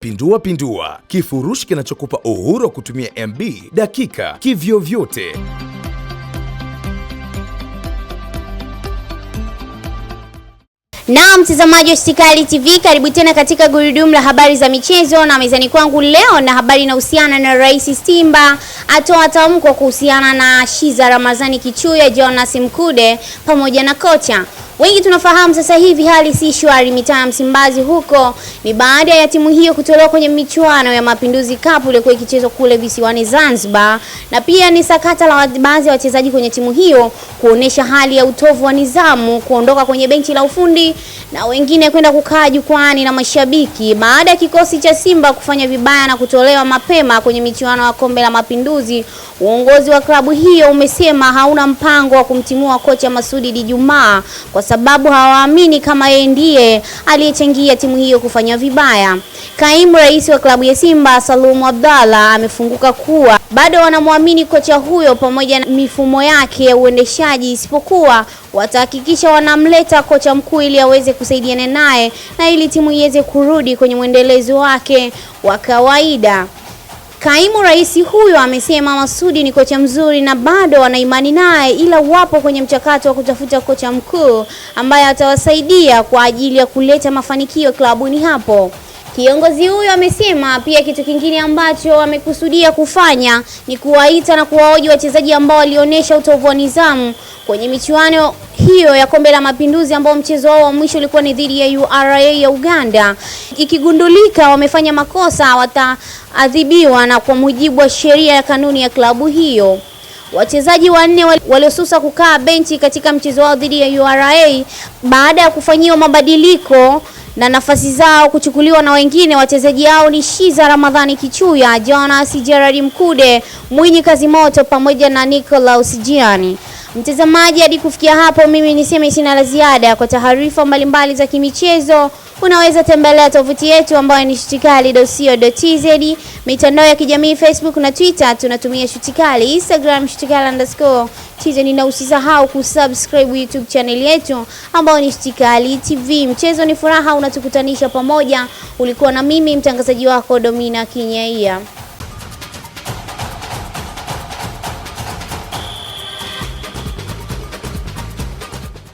Pindua pindua, kifurushi kinachokupa uhuru wa kutumia MB dakika kivyovyote. Na mtazamaji wa Stikali TV, karibu tena katika gurudumu la habari za michezo, na mezani kwangu leo na habari inahusiana na Rais Simba atoa tamko kuhusiana na Shiza Ramazani Kichuya, Jonas Mkude pamoja na kocha Wengi tunafahamu sasa hivi hali si shwari mitaa Msimbazi huko, ni baada ya timu hiyo kutolewa kwenye michuano ya Mapinduzi Cup iliyokuwa ikichezwa kule visiwani Zanzibar, na pia ni sakata la baadhi ya wachezaji kwenye timu hiyo kuonesha hali ya utovu wa nidhamu, kuondoka kwenye benchi la ufundi na wengine kwenda kukaa jukwani na mashabiki, baada ya kikosi cha Simba kufanya vibaya na kutolewa mapema kwenye michuano ya Kombe la Mapinduzi Uongozi wa klabu hiyo umesema hauna mpango wa kumtimua kocha Masudi Dijumaa kwa sababu hawaamini kama yeye ndiye aliyechangia timu hiyo kufanya vibaya. Kaimu rais wa klabu ya Simba Salumu Abdalla amefunguka kuwa bado wanamwamini kocha huyo pamoja na mifumo yake ya uendeshaji, isipokuwa watahakikisha wanamleta kocha mkuu ili aweze kusaidiana naye na ili timu iweze kurudi kwenye mwendelezo wake wa kawaida. Kaimu rais huyo amesema Masudi ni kocha mzuri na bado wana imani naye, ila wapo kwenye mchakato wa kutafuta kocha mkuu ambaye atawasaidia kwa ajili ya kuleta mafanikio klabuni hapo. Kiongozi huyo amesema pia kitu kingine ambacho amekusudia kufanya ni kuwaita na kuwaoji wachezaji ambao walionyesha utovu wa nidhamu kwenye michuano hiyo ya Kombe la Mapinduzi ambao mchezo wao wa mwisho ulikuwa ni dhidi ya URA ya Uganda. Ikigundulika wamefanya makosa, wataadhibiwa na kwa mujibu wa sheria ya kanuni ya klabu hiyo. Wachezaji wanne waliosusa kukaa benchi katika mchezo wao dhidi ya URA baada ya kufanyiwa mabadiliko na nafasi zao kuchukuliwa na wengine. Wachezaji hao ni Shiza Ramadhani Kichuya, Jonas Gerard Mkude, Mwinyi Kazimoto pamoja na Nicolaus Jiani. Mtazamaji, hadi kufikia hapo, mimi niseme sina la ziada. Kwa taarifa mbalimbali za kimichezo, unaweza tembelea tovuti yetu ambayo ni shutikali.co.tz. Mitandao ya kijamii Facebook na Twitter tunatumia shutikali, Instagram shutikali_tz, na usisahau kusubscribe YouTube channel yetu ambayo ni Shutikali TV. Mchezo ni furaha, unatukutanisha pamoja. Ulikuwa na mimi mtangazaji wako Domina Kinyaia.